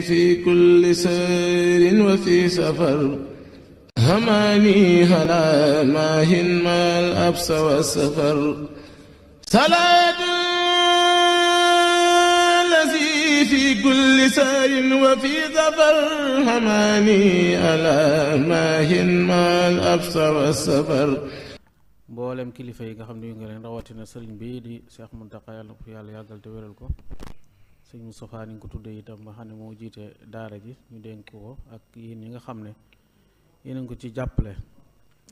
في كل سير وفي سفر هماني هلا ماهن ما الأبس والسفر صلاة الذي في كل سير وفي سفر هماني ألا ماهن ما الأبس والسفر mboolem kilifa yi nga xam ne yu nga leen rawatina sëriñ bi di Cheikh Mountakha yàlla ko te wéral ko sëñ Moustapha ni ñu ko tuddee itam nga xam ne moo jiite daara ji ñu dénk ko ak yéen ñi nga xam ne yéen a ngi ko ci jàppale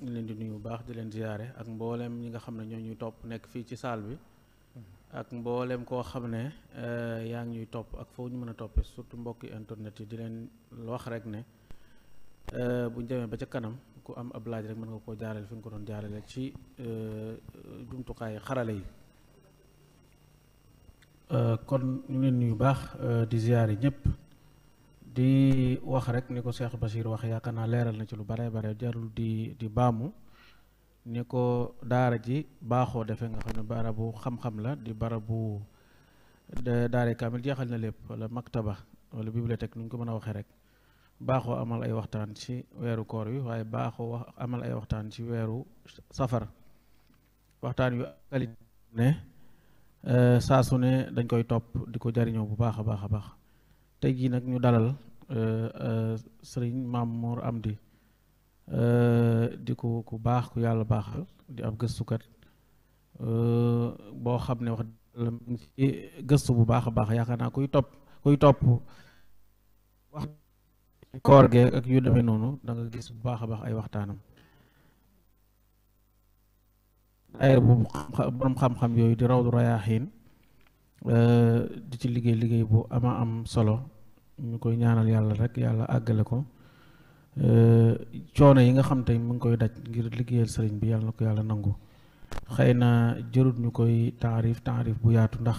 ñu leen di nuyu bu baax di leen ziyaare ak mbooleem ñi nga xam ne ñoo ñuy topp nekk fii ci saal bi mm-hmm. ak mbooleem koo xam ne euh, yaa ngi ñuy topp ak foo ñu mën a toppee surtout mbokki internet yi di leen wax rek ne euh, bu ñu demee ba ca kanam ku am ab laaj rek mën nga koo jaarale fi nga ko doon jaarale ci euh, jumtukaayu xarale yi. Euh, kon ñu leen baax euh, di yi ñëpp di wax rek ni ko Cheikh Bachir wax yaakaar naa leeral na ci lu bare bare jarul di di baamu ni ko daara ji baaxoo defee nga xam ne barabu xam-xam la di barabu daare kaamil jeexal na lépp wala maktaba wala bibliothèque nu ñu ko mën a waxee rek baaxoo amal ay waxtaan ci weeru koor wi waaye baaxoo amal ay waxtaan ci weeru safar waxtaan yu ne Euh, saa su ne dañ koy topp di ko jariñoo bu baax a baax a baax tey jii nag ñu dalal euh, euh, sëriñ Maam moor am di di ko ku baax ku yàlla baaxal di ab gëstukat boo xam ne wax gëstu bu baax a baax yaakaar naa kuy topp kuy topp wax koor gee ak ñu demee noonu da nga gis bu baax a baax ay waxtaanam ayer bu borom xam-xam yooyu di rawdu rayaaxiin eh, di ci liggéey liggéey bu ama am solo ñu koy ñaanal yàlla rek yàlla àggale ko eh, coono yi nga xam te mu ngi koy daj ngir liggéeyal sëriñ bi yàlla na ko yàlla nangu xëy na jërut ñu koy taarif taarif bu yaatu ndax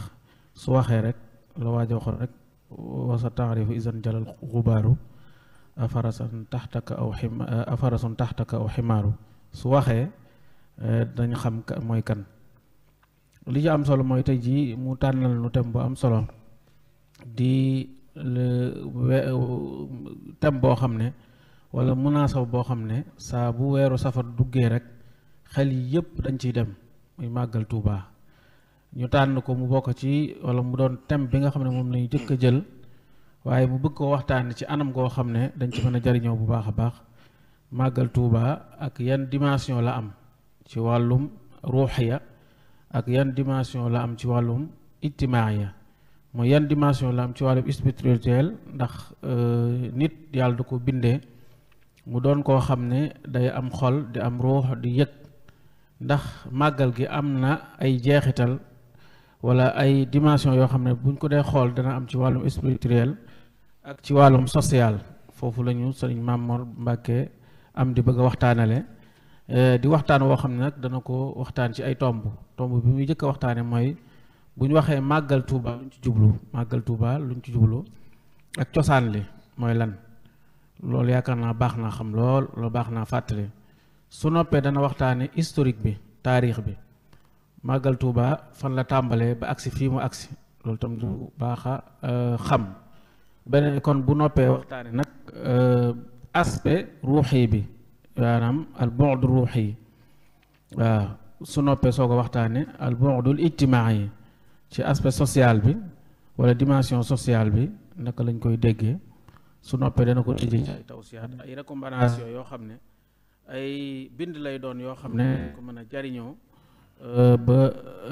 su waxee rek la waaja waxoon rek wasa taarifu isan jalal xubaaru afarasan taxtaka taxtaka aw ximaaru su waxee Eh, dañu xam mooy kan li ci am solo mooy tey jii mu tànnal nu thème bu am solo di thème boo xam ne wala munaasaba boo xam ne saa bu weeru safar duggee rek xel yi yëpp dañ ciy dem muy màggal Tuuba ñu tànn ko mu bokk ci wala mu doon tem bi nga xam ne moom lañu jëkk a jël waaye mu bëgg koo waxtaanee ci anam goo xam ne dañ ci mën a jariñoo bu baax a baax màggal Tuuba ak yenn dimension la am ci wàllum ruuxiya ak yan dimension la am ci wàllum ijtimaaya mooy yan dimension la am ci wàllum spirituel ndax euh, nit yàlla du ko bindee mu doon koo xam ne day am xol di am ruux di yëg ndax màggal gi am na ay jeexital wala ay dimension yoo xam ne buñ ko dee xool dana am ci wàllum spirituel ak ci wàllum sociale foofu lañu ñu sëriñ Mamoor Mbàkke am di bëgg a waxtaanale Eh, di waxtaan woo xam ne nag dana ko waxtaan ci ay tomb tomb bi muy njëkk a waxtaanee mooy bu ñu waxee màggal Touba luñ ci jublu màggal Touba luñ ci jublu ak cosaan li mooy lan loolu yaakaar naa baax naa xam lool loolu baax naa fàttali su noppee dana waxtaanee historique bi taarix bi màggal Touba fan la tàmbalee ba agsi fii mu agsi loolu tam du baaxa a eh, xam beneen kon bu noppee waxtaane nag eh, aspect ruuxi bi. maanaam al bu'd ruuxi waaw su noppee soo ko waxtaanee al bu'dul yi ci aspect sociale bi wala dimension sociale bi naka lañ koy déggee su noppee dana ko tëjee ci ay tawsiyaat ay recommandations yoo xam ne ay bind lay doon yoo xam ne ko mën a jariñoo euh, ba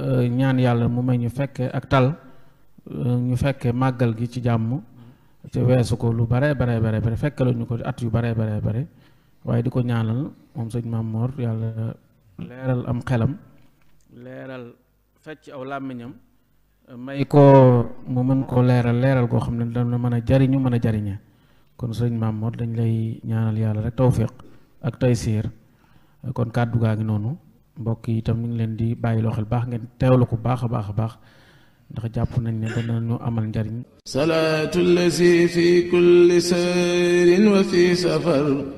euh, ñaan yàlla mu may ñu fekkee ak tal euh, ñu fekkee màggal gi ci jàmm te weesu ko lu bare bare bare bare fekkeelu ñu ko at yu bare bare bare waaye di ko ñaanal moom sëñ Maam Mor yàlla leeral am xelam leeral fecc aw làmmiñam may ko mu mën koo leeral leeral koo xam ne dana mën a jariñu mën a jariñe kon sëñ Maam dañ lay ñaanal yàlla rek tawfiq ak taysiir kon kàddu gaa ngi noonu mbokk yi itam ñu ngi leen di bàyyi loo xel baax ngeen teewlu ko baax a baax a baax ndax jàpp nañ ne dana ñu amal njariñ salaatu lazi fi kulli sayrin wa fi safar